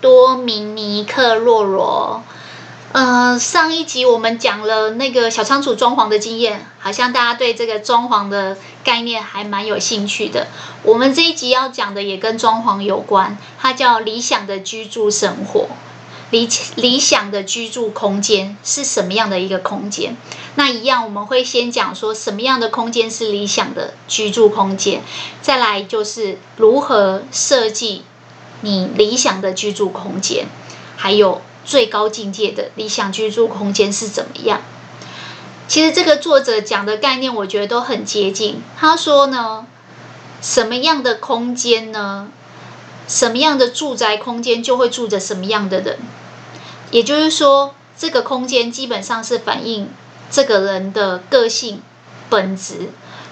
多明尼克·洛羅，嗯，上一集我們講了那個小倉鼠裝潢的經驗，好像大家對這個裝潢的概念還蠻有興趣的。我們這一集要講的也跟裝潢有關，它叫理想的居住生活。理理想的居住空間是什麼樣的一個空間？那一樣我們會先講說什麼樣的空間是理想的居住空間，再來就是如何設計。你理想的居住空間，還有最高境界的理想居住空間是怎麼樣？其實這個作者講的概念，我覺得都很接近。他說呢，什麼樣的空間呢？什麼樣的住宅空間就會住着什麼樣的人。也就是說，這個空間基本上是反映這個人的個性、本質，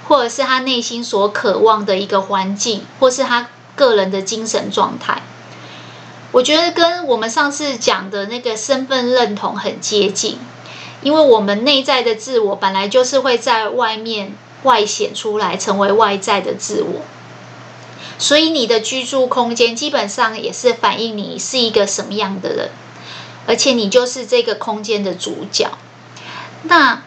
或者是他內心所渴望的一個環境，或是他。個人的精神狀態，我覺得跟我們上次講的那個身份認同很接近，因為我們內在的自我本來就是會在外面外顯出來，成為外在的自我，所以你的居住空間基本上也是反映你是一個什麼樣的人，而且你就是這個空間的主角。那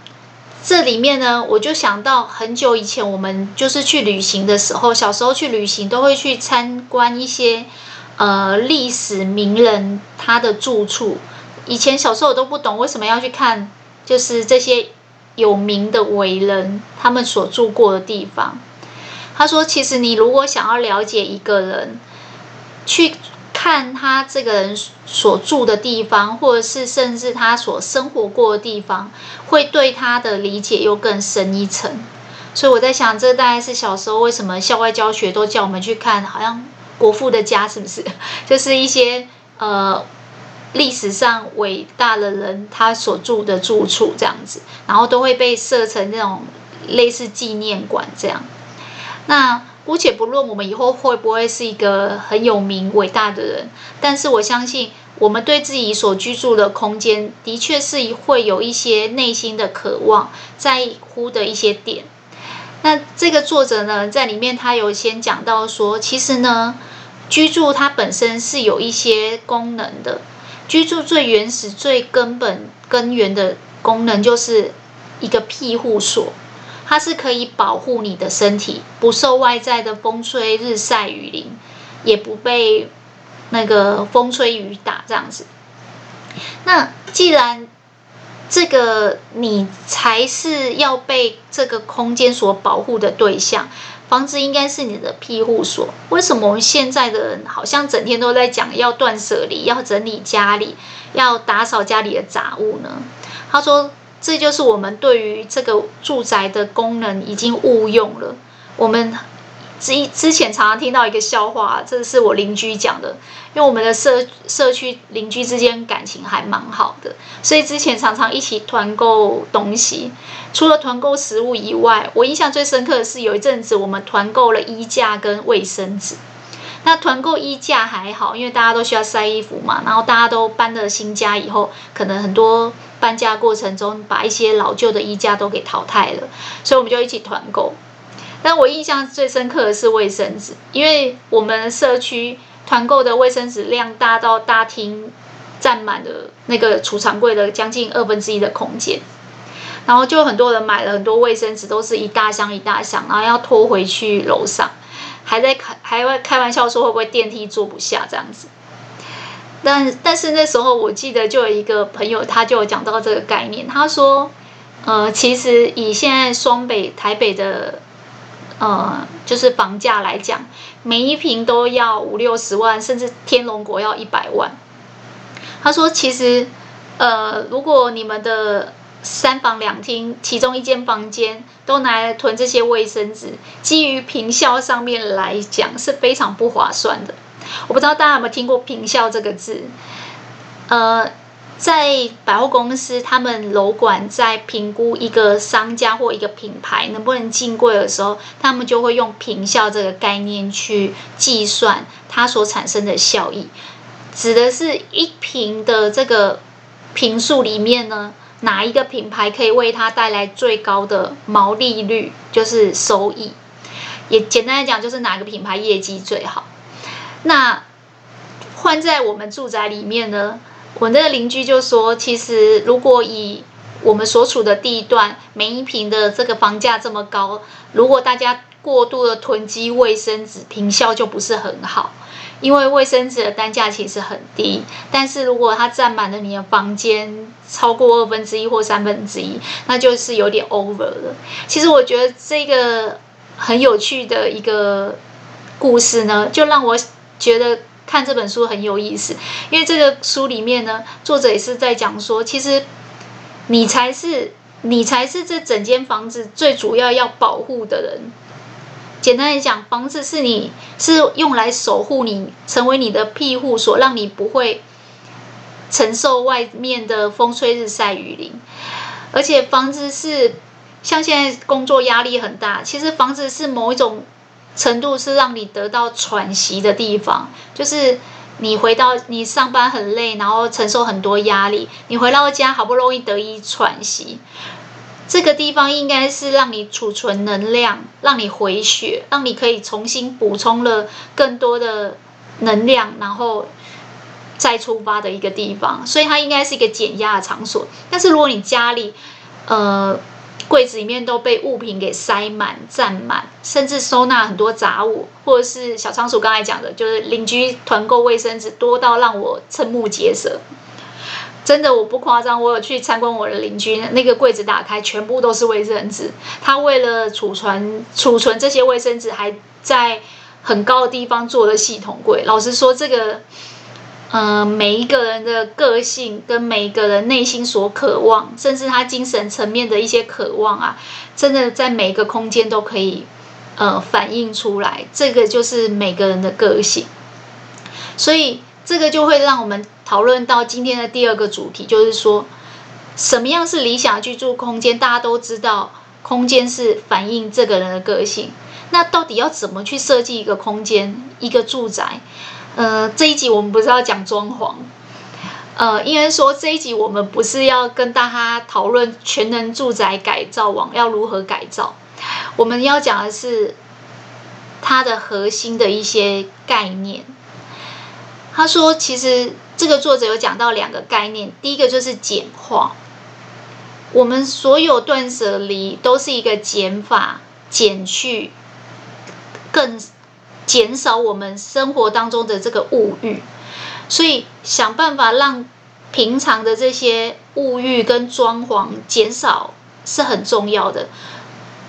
這裡面呢，我就想到很久以前我們就是去旅行的時候，小時候去旅行都會去參觀一些呃歷史名人他的住處。以前小時候我都不懂為什麼要去看，就是這些有名的偉人他們所住過的地方。他說，其實你如果想要了解一個人，去看他這個人。所住的地方，或者是甚至他所生活過的地方，會對他的理解又更深一層。所以我在想，這大概是小時候為什麼校外教學都叫我們去看，好像國父的家是不是？就是一些呃歷史上偉大的人他所住的住處這樣子，然後都會被設成這種類似紀念館這樣。那。姑且不論我們以後會不會是一個很有名偉大的人，但是我相信我們對自己所居住的空間，的確是會有一些內心的渴望，在乎的一些點。那這個作者呢，在裡面他有先講到說，其實呢，居住它本身是有一些功能的。居住最原始、最根本、根源的功能，就是一個庇護所。它是可以保護你的身體不受外在的風吹日曬雨淋，也不被那個風吹雨打這樣子。那既然這個你才是要被這個空間所保護的對象，房子應該是你的庇護所。為什麼現在的人好像整天都在講要斷捨離，要整理家裡，要打掃家裡的雜物呢？他說。這就是我們對於這個住宅的功能已經誤用了。我們之之前常常聽到一個笑話，這是我鄰居講的，因為我們的社社區鄰居之間感情還蠻好的，所以之前常常一起團購東西。除了團購食物以外，我印象最深刻的是有一陣子我們團購了衣架跟衛生紙。那團購衣架還好，因為大家都需要曬衣服嘛。然後大家都搬了新家以後，可能很多。搬家過程中，把一些老舊的衣架都給淘汰了，所以我們就一起團購。但我印象最深刻的是衛生紙，因為我們社區團購的衛生紙量大到大廳占滿了那個儲藏櫃的將近二分之一的空間，然後就很多人買了很多衛生紙，都是一大箱一大箱，然後要拖回去樓上，還在開還會開玩笑說會不會電梯坐不下這樣子。但但是那時候我記得就有一個朋友，他就有講到這個概念。他說，呃，其實以現在雙北台北的，呃，就是房價來講，每一坪都要五六十萬，甚至天龍國要一百萬。他說，其實，呃，如果你們的三房兩廳其中一間房間都拿來囤這些衛生紙，基於坪效上面來講是非常不划算的。我不知道大家有沒有聽過“坪效”這個字？呃，在百貨公司，他們樓管在評估一個商家或一個品牌能不能進櫃的時候，他們就會用“坪效”這個概念去計算它所產生的效益，指的是一坪的這個坪數裡面呢，哪一個品牌可以為它帶來最高的毛利率，就是收益。也簡單來講，就是哪個品牌業績最好。那換在我們住宅裡面呢，我那個鄰居就說，其實如果以我們所處的地段，每一平的這個房價這麼高，如果大家過度的囤積衛生紙，坪效就不是很好。因為衛生紙的單價其實很低，但是如果它佔滿了你的房間超過二分之一或三分之一，那就是有點 over 了。其實我覺得這個很有趣的一個故事呢，就讓我。覺得看這本書很有意思，因為這個書裡面呢，作者也是在講說，其實你才是你才是這整間房子最主要要保護的人。簡單來講，房子是你是用來守護你，成為你的庇護所，讓你不會承受外面的風吹日曬雨淋。而且房子是像現在工作壓力很大，其實房子是某一種。程度是讓你得到喘息的地方，就是你回到你上班很累，然後承受很多壓力，你回到家好不容易得以喘息，這個地方應該是讓你儲存能量，讓你回血，讓你可以重新補充了更多的能量，然後再出發的一個地方，所以它應該是一個減壓的場所。但是如果你家裡，呃。櫃子裡面都被物品給塞滿、佔滿，甚至收納很多雜物，或者是小倉鼠剛才講的，就是鄰居團購衛生紙多到讓我瞠目結舌。真的，我不誇張，我有去參觀我的鄰居，那個櫃子打開，全部都是衛生紙。他為了儲存儲存這些衛生紙，還在很高的地方做了系統櫃。老實說，這個。嗯、呃，每一個人的個性跟每一個人內心所渴望，甚至他精神層面的一些渴望啊，真的在每一個空間都可以，呃，反映出來。這個就是每個人的個性，所以這個就會讓我們討論到今天的第二個主題，就是說，什麼樣是理想居住空間？大家都知道，空間是反映這個人的個性，那到底要怎麼去設計一個空間，一個住宅？呃，這一集我們不是要講裝潢，呃，因為說這一集我們不是要跟大家討論全能住宅改造網要如何改造，我們要講的是它的核心的一些概念。他說，其實這個作者有講到兩個概念，第一個就是簡化，我們所有斷捨離都是一個減法，減去更。減少我們生活當中的這個物慾，所以想辦法讓平常的這些物慾跟裝潢減少是很重要的。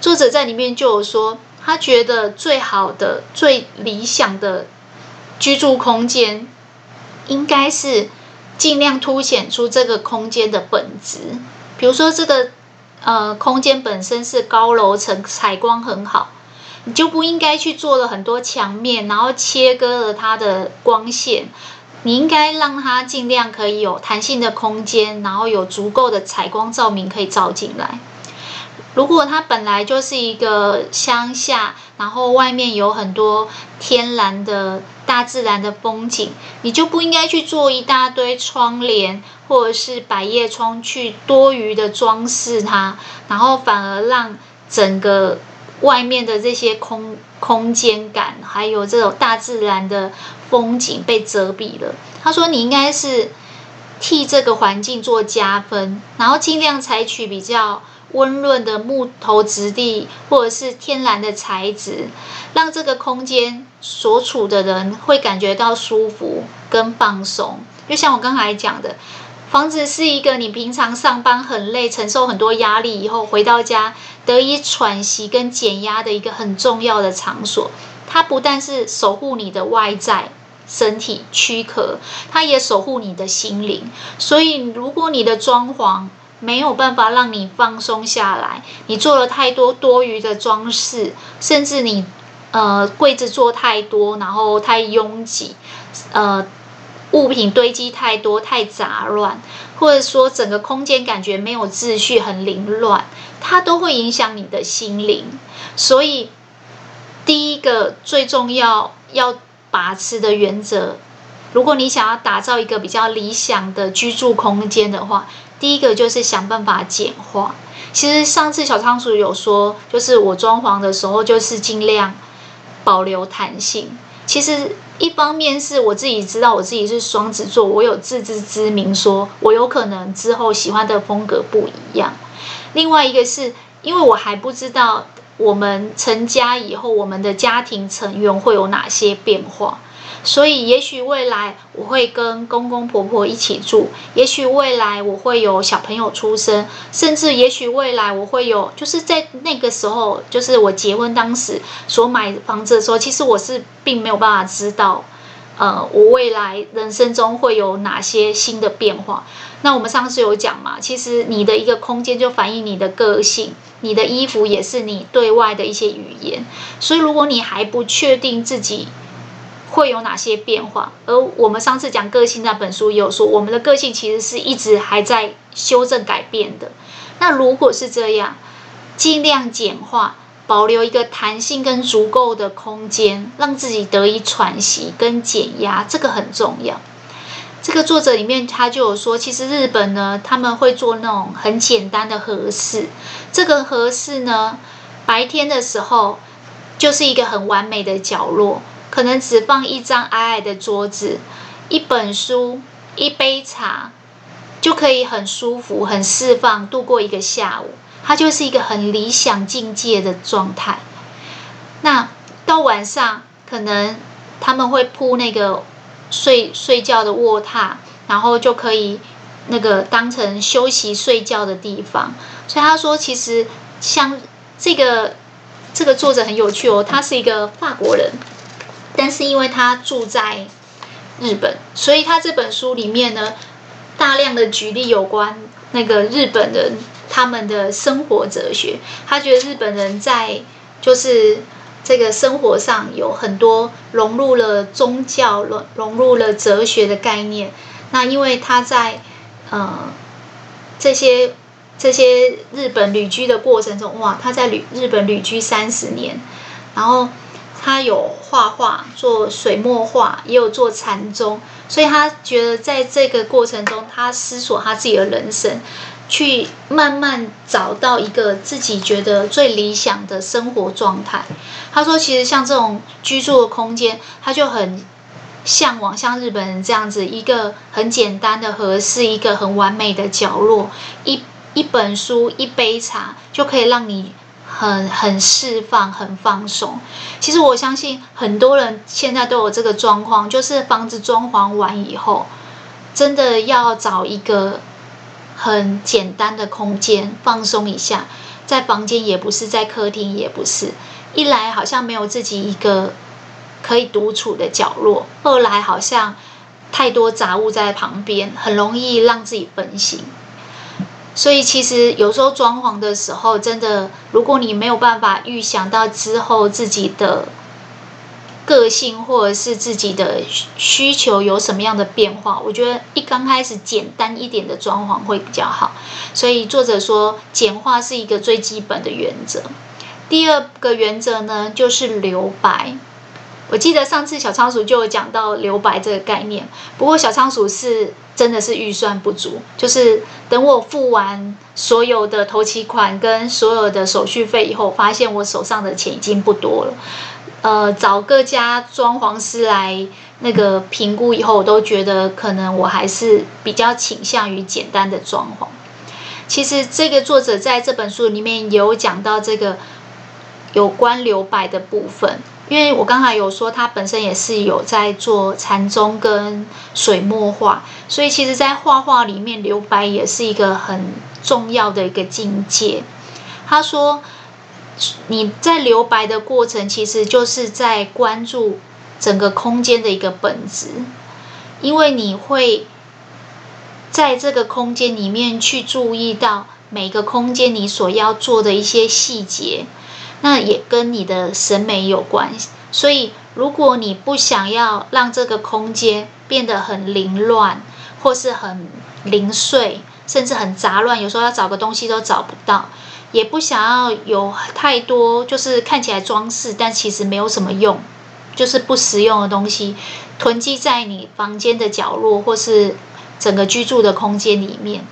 作者在裡面就有說，他覺得最好的、最理想的居住空間，應該是盡量凸顯出這個空間的本質。比如說，這個呃，空間本身是高樓層，採光很好。你就不應該去做了很多牆面，然後切割了它的光線。你應該讓它儘量可以有彈性的空間，然後有足夠的採光照明可以照進來。如果它本來就是一個鄉下，然後外面有很多天然的、大自然的風景，你就不應該去做一大堆窗簾或者是百葉窗去多餘的裝飾它，然後反而讓整個。外面的這些空空間感，還有這種大自然的風景被遮蔽了。他說：“你應該是替這個環境做加分，然後盡量採取比較溫潤的木頭質地，或者是天然的材質，讓這個空間所處的人會感覺到舒服跟放鬆。”就像我剛才講的。房子是一個你平常上班很累、承受很多壓力以後回到家得以喘息跟減壓的一個很重要的場所。它不但是守護你的外在、身體、軀殼，它也守護你的心靈。所以，如果你的裝潢沒有辦法讓你放鬆下來，你做了太多多餘的裝飾，甚至你，呃，櫃子做太多，然後太擁擠，呃，物品堆積太多、太雜亂，或者說整個空間感覺沒有秩序、很凌亂，它都會影響你的心靈。所以，第一個最重要要把持的原則，如果你想要打造一個比較理想的居住空間的話，第一個就是想辦法簡化。其實上次小倉鼠有說，就是我裝潢的時候就是儘量保留彈性，其實。一方面是我自己知道我自己是雙子座，我有自知之明說我有可能之後喜歡的風格不一樣。另外一個是因為我還不知道我們成家以後，我們的家庭成員會有哪些變化。所以，也許未來我會跟公公婆婆婆一起住，也許未來我會有小朋友出生，甚至，也許未來我會有，就是在那個時候，就是我結婚當時所買房子的時候，其實我是並沒有辦法知道，呃，我未來人生中會有哪些新的變化。那我們上次有講嘛，其實你的一個空間就反映你的個性，你的衣服也是你對外的一些語言。所以，如果你還不確定自己，會有哪些變化？而我們上次講個性那本書也有說，我們的個性其實是一直還在修正、改變的。那如果是這樣，盡量簡化，保留一個彈性跟足夠的空間，讓自己得以喘息跟減壓，這個很重要。這個作者裡面他就有說，其實日本呢，他們會做那種很簡單的和室。這個和室呢，白天的時候就是一個很完美的角落。可能只放一張矮矮的桌子，一本書，一杯茶，就可以很舒服、很釋放度過一個下午。它就是一個很理想境界的狀態。那到晚上，可能他們會鋪那個睡睡覺的臥榻，然後就可以那個當成休息睡覺的地方。所以他說，其實像這個這個作者很有趣哦，他是一個法國人。但是因為他住在日本，所以他這本書裡面呢，大量的舉例有關那個日本人他們的生活哲學。他覺得日本人在就是這個生活上有很多融入了宗教、融入了哲學的概念。那因為他在嗯、呃、這些這些日本旅居的過程中，哇，他在旅日本旅居三十年，然後。他有畫畫，做水墨畫，也有做禪宗，所以他覺得在這個過程中，他思索他自己的人生，去慢慢找到一個自己覺得最理想的生活狀態。他說，其實像這種居住的空間，他就很嚮往，像日本人這樣子，一個很簡單的和室，一個很完美的角落，一一本書，一杯茶，就可以讓你。很很釋放，很放鬆。其實我相信很多人現在都有這個狀況，就是房子裝潢完以後，真的要找一個很簡單的空間放鬆一下，在房間也不是，在客廳也不是，一來好像沒有自己一個可以獨處的角落，二來好像太多雜物在旁邊，很容易讓自己分心。所以其實有時候裝潢的時候，真的如果你沒有辦法預想到之後自己的個性或者是自己的需求有什麼樣的變化，我覺得一剛開始簡單一點的裝潢會比較好。所以作者說，簡化是一個最基本的原則。第二個原則呢，就是留白。我記得上次小倉鼠就有講到留白這個概念，不過小倉鼠是。真的是預算不足，就是等我付完所有的頭期款跟所有的手續費以後，發現我手上的錢已經不多了。呃，找各家裝潢師來那個評估以後，我都覺得可能我還是比較傾向於簡單的裝潢。其實這個作者在這本書裡面有講到這個有關留白的部分。因為我剛才有說，他本身也是有在做禪宗跟水墨畫，所以其實，在畫畫裡面留白也是一個很重要的一個境界。他說，你在留白的過程，其實就是在關注整個空間的一個本質，因為你會在這個空間裡面去注意到每個空間你所要做的一些細節。那也跟你的審美有關係，所以如果你不想要讓這個空間變得很凌亂，或是很零碎，甚至很雜亂，有時候要找個東西都找不到，也不想要有太多就是看起來裝飾，但其實沒有什麼用，就是不實用的東西囤積在你房間的角落或是整個居住的空間裡面。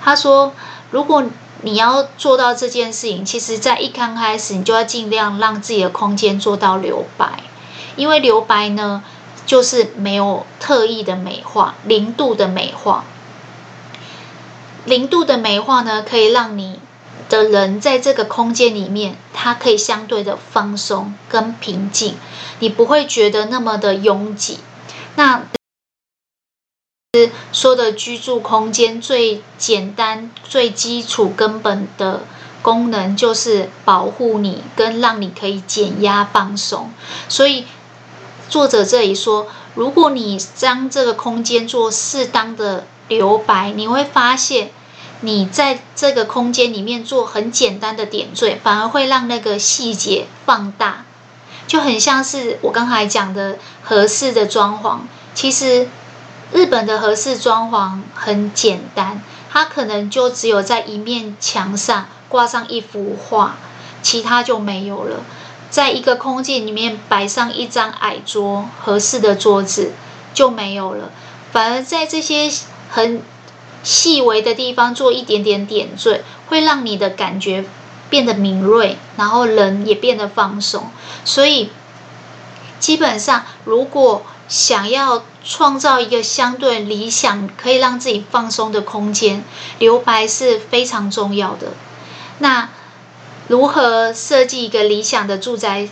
他說，如果。你要做到這件事情，其實，在一剛開始，你就要盡量讓自己的空間做到留白，因為留白呢，就是沒有特意的美化，零度的美化，零度的美化呢，可以讓你的人在這個空間裡面，它，可以相對的放鬆跟平靜，你不會覺得那麼的擁擠。那說的居住空間最簡單、最基礎、根本的功能，就是保護你跟讓你可以減壓放鬆。所以，作者這裡說，如果你將這個空間做適當的留白，你會發現，你在這個空間裡面做很簡單的點綴，反而會讓那個細節放大，就很像是我剛才講的合適的裝潢。其實，日本的和式裝潢很簡單，它可能就只有在一面牆上掛上一幅畫，其他就沒有了。在一個空間裡面擺上一張矮桌，和式的桌子就沒有了。反而在這些很細微的地方做一點點點綴，會讓你的感覺變得敏銳，然後人也變得放鬆。所以，基本上如果想要創造一個相對理想、可以讓自己放鬆的空間，留白是非常重要的。那如何設計一個理想的住宅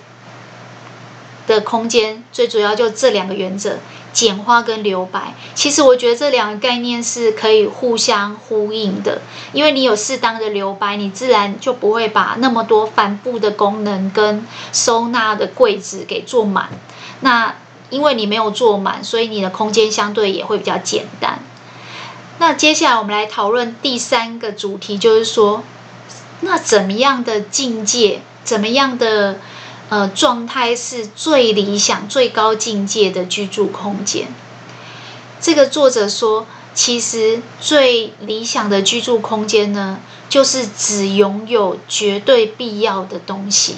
的空間？最主要就這兩個原則：簡化跟留白。其實我覺得這兩個概念是可以互相呼應的，因為你有適當的留白，你自然就不會把那麼多繁複的功能跟收納的櫃子給做滿。那因為你沒有坐滿，所以你的空間相對也會比較簡單。那接下來我們來討論第三個主題，就是說，那怎麼樣的境界，怎麼樣的呃狀態是最理想、最高境界的居住空間？這個作者說，其實最理想的居住空間呢，就是只擁有絕對必要的東西。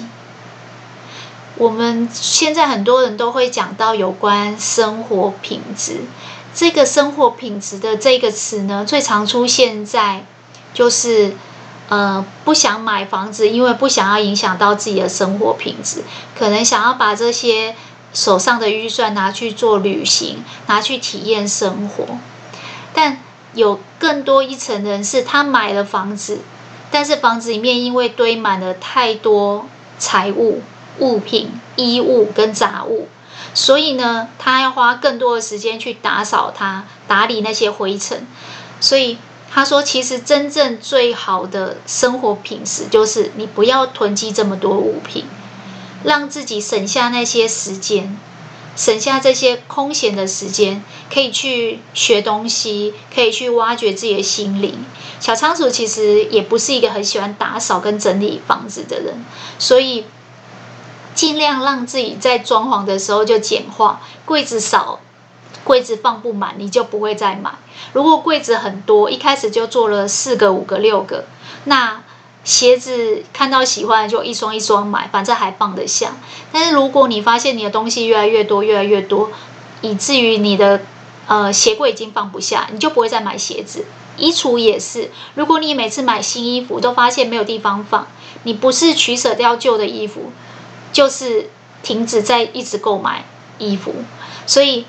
我們現在很多人都會講到有關生活品質。這個生活品質的這個詞呢，最常出現在就是呃不想買房子，因為不想要影響到自己的生活品質，可能想要把這些手上的預算拿去做旅行，拿去體驗生活。但有更多一層人是，他買了房子，但是房子裡面因為堆滿了太多財物。物品、衣物跟雜物，所以呢，他要花更多的時間去打掃他，打理那些灰塵。所以他說，其實真正最好的生活品質，就是你不要囤積這麼多物品，讓自己省下那些時間，省下這些空閒的時間，可以去學東西，可以去挖掘自己的心靈。小倉鼠其實也不是一個很喜歡打掃跟整理房子的人，所以，盡量讓自己在裝潢的時候就簡化，櫃子少，櫃子放不滿，你就不會再買。如果櫃子很多，一開始就做了四個、五個、六個，那鞋子看到喜歡就一雙一雙買，反正還放得下。但是如果你發現你的東西越來越多、越來越多，以至於你的呃鞋櫃已經放不下，你就不會再買鞋子。衣櫥也是，如果你每次買新衣服都發現沒有地方放，你不是取捨掉舊的衣服，就是停止在一直購買衣服，所以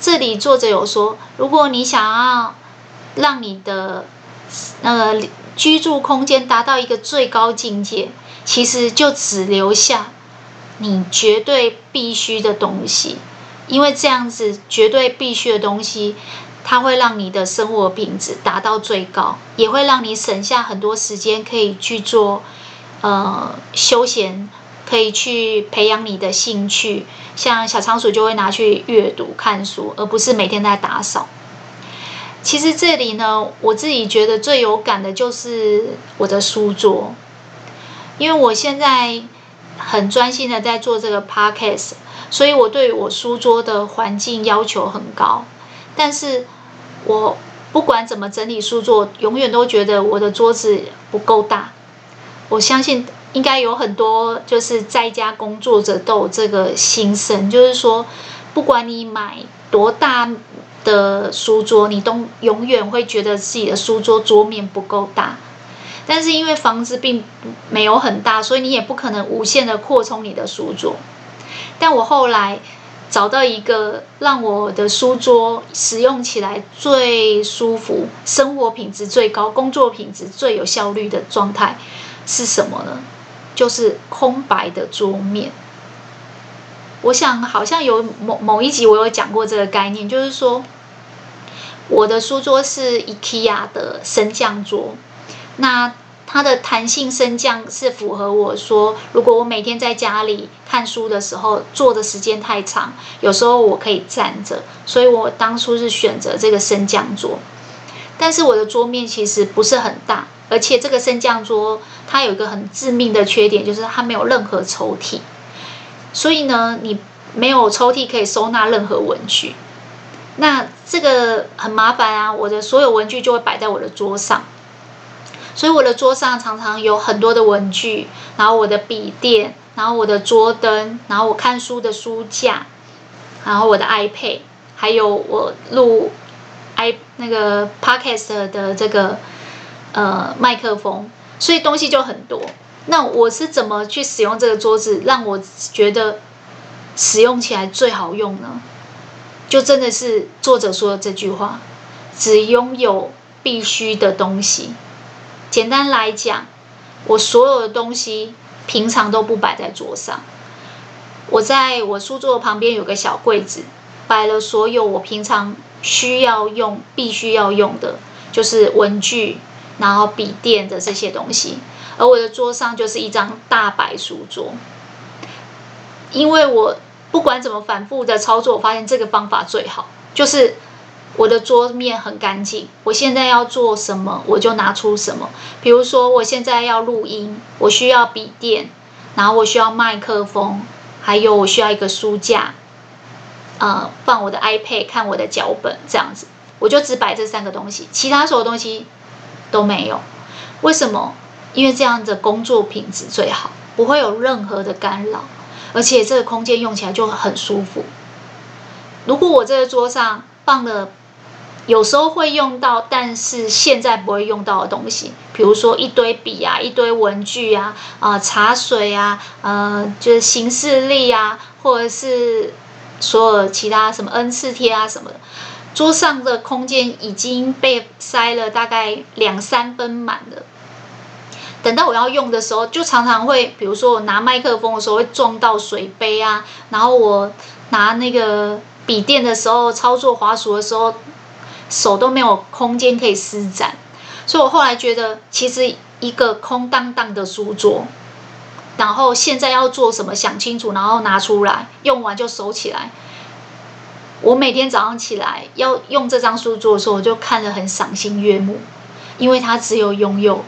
這裡作者有說，如果你想要讓你的那個居住空間達到一個最高境界，其實就只留下你絕對必須的東西，因為這樣子絕對必須的東西，它會讓你的生活的品質達到最高，也會讓你省下很多時間可以去做呃休閒。可以去培養你的興趣，像小倉鼠就會拿去閱讀看書，而不是每天在打掃。其實這裡呢，我自己覺得最有感的就是我的書桌，因為我現在很專心的在做這個 podcast，所以我對我書桌的環境要求很高。但是我不管怎麼整理書桌，永遠都覺得我的桌子不夠大。我相信。應該有很多就是在家工作者都有這個心聲，就是說，不管你買多大的書桌，你都永遠會覺得自己的書桌桌面不夠大。但是因為房子並沒有很大，所以你也不可能無限的擴充你的書桌。但我後來找到一個讓我的書桌使用起來最舒服、生活品質最高、工作品質最有效率的狀態是什麼呢？就是空白的桌面。我想好像有某某一集我有講過這個概念，就是說我的書桌是 IKEA 的升降桌，那它的彈性升降是符合我說，如果我每天在家裡看書的時候坐的時間太長，有時候我可以站着，所以我當初是選擇這個升降桌。但是我的桌面其實不是很大。而且這個升降桌它有一個很致命的缺點，就是它沒有任何抽屜，所以呢，你沒有抽屜可以收納任何文具，那這個很麻煩啊！我的所有文具就會擺在我的桌上，所以我的桌上常常有很多的文具，然後我的筆電，然後我的桌燈，然後我看書的書架，然後我的 iPad，還有我錄 i 那個 podcast 的這個。呃，麥克風，所以東西就很多。那我是怎麼去使用這個桌子，讓我覺得使用起來最好用呢？就真的是作者說的這句話：只擁有必須的東西。簡單來講，我所有的東西平常都不擺在桌上。我在我書桌旁邊有個小櫃子，擺了所有我平常需要用、必須要用的，就是文具。然後筆電的這些東西，而我的桌上就是一張大白書桌，因為我不管怎麼反覆的操作，我發現這個方法最好，就是我的桌面很乾淨。我現在要做什麼，我就拿出什麼。比如說我現在要錄音，我需要筆電，然後我需要麥克風，還有我需要一個書架，呃，放我的 iPad 看我的腳本，這樣子，我就只擺這三個東西，其他所有東西。都沒有，為什麼？因為這樣的工作品質最好，不會有任何的干擾，而且這個空間用起來就很舒服。如果我這個桌上放了有時候會用到，但是現在不會用到的東西，比如說一堆筆啊、一堆文具啊、啊、呃、茶水啊、呃、就是行事曆啊，或者是所有其他什麼 N 次貼啊什麼的。桌上的空間已經被塞了大概兩三分滿了。等到我要用的時候，就常常會，比如說我拿麥克風的時候會撞到水杯啊，然後我拿那個筆電的時候，操作滑鼠的時候，手都沒有空間可以施展。所以我後來覺得，其實一個空蕩蕩的書桌，然後現在要做什麼，想清楚，然後拿出來，用完就收起來。我每天早上起來要用這張書桌的時候，我就看着很賞心悅目，因為它只有擁有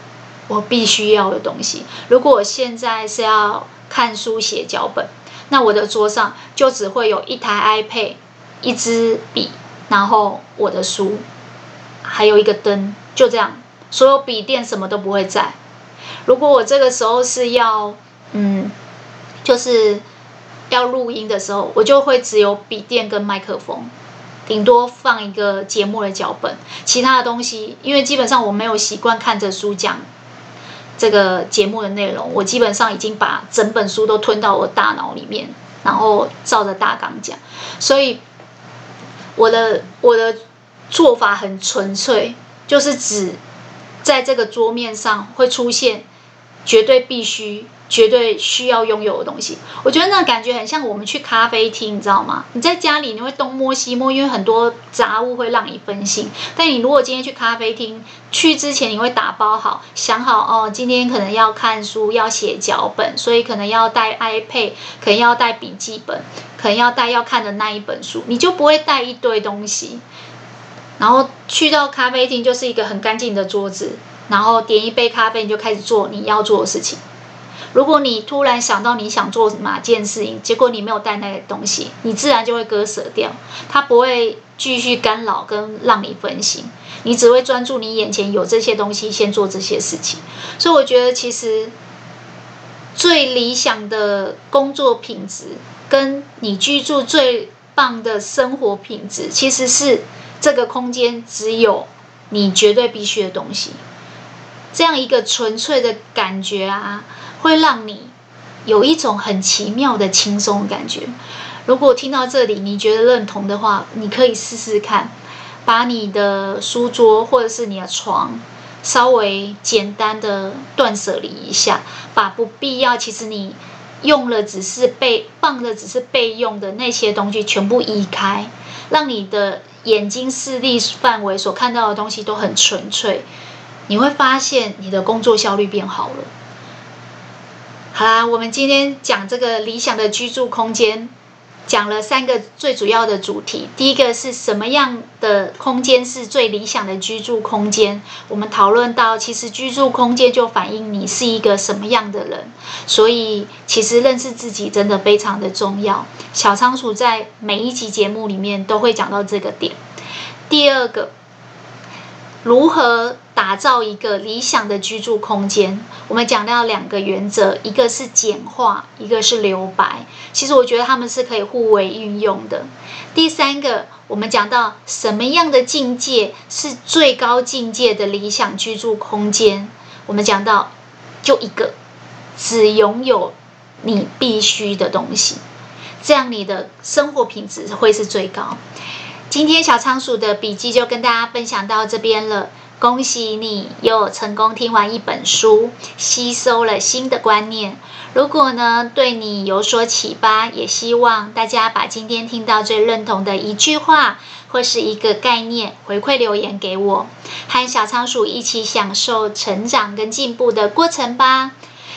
我必須要的東西。如果我現在是要看書寫腳本，那我的桌上就只會有一台 iPad、一支筆，然後我的書，還有一個燈，就這樣。所有筆電什麼都不會在。如果我這個時候是要嗯，就是。要錄音的時候，我就會只有筆電跟麥克風，頂多放一個節目的腳本，其他的東西，因為基本上我沒有習慣看着書講這個節目的內容，我基本上已經把整本書都吞到我大腦裡面，然後照着大綱講，所以我的我的做法很純粹，就是只在這個桌面上會出現絕對必須、絕對需要擁有的東西，我覺得那感覺很像我們去咖啡廳，你知道嗎？你在家裡你會東摸西摸，因為很多雜物會讓你分心。但你如果今天去咖啡廳，去之前你會打包好，想好哦，今天可能要看書、要寫腳本，所以可能要帶 iPad，可能要帶筆記本，可能要帶要看的那一本書，你就不會帶一堆東西。然後去到咖啡廳，就是一個很乾淨的桌子。然後點一杯咖啡，你就開始做你要做的事情。如果你突然想到你想做哪件事情，結果你沒有帶那個東西，你自然就會割捨掉，它不會繼續干擾跟讓你分心。你只會專注你眼前有這些東西，先做這些事情。所以我覺得，其實最理想的工作品質，跟你居住最棒的生活品質，其實是這個空間只有你絕對必須的東西。這樣一個純粹的感覺啊，會讓你有一種很奇妙的輕鬆的感覺。如果聽到這裡你覺得認同的話，你可以試試看，把你的書桌或者是你的床稍微簡單的斷捨離一下，把不必要、其實你用了只是被放的只是備用的那些東西全部移開，讓你的眼睛視力範圍所看到的東西都很純粹。你會發現你的工作效率變好了。好啦，我們今天講這個理想的居住空間，講了三個最主要的主題。第一個是什麼樣的空間是最理想的居住空間？我們討論到，其實居住空間就反映你是一個什麼樣的人，所以其實認識自己真的非常的重要。小倉鼠在每一集節目裡面都會講到這個點。第二個，如何打造一個理想的居住空間？我們講到兩個原則，一個是簡化，一個是留白。其實我覺得它們是可以互為運用的。第三個，我們講到什麼樣的境界是最高境界的理想居住空間？我們講到就一個，只擁有你必須的東西，這樣你的生活品質會是最高。今天小倉鼠的筆記就跟大家分享到這邊了。恭喜你又成功聽完一本書，吸收了新的觀念。如果呢，對你有所啟發，也希望大家把今天聽到最認同的一句話或是一個概念回饋留言給我，和小倉鼠一起享受成長跟進步的過程吧。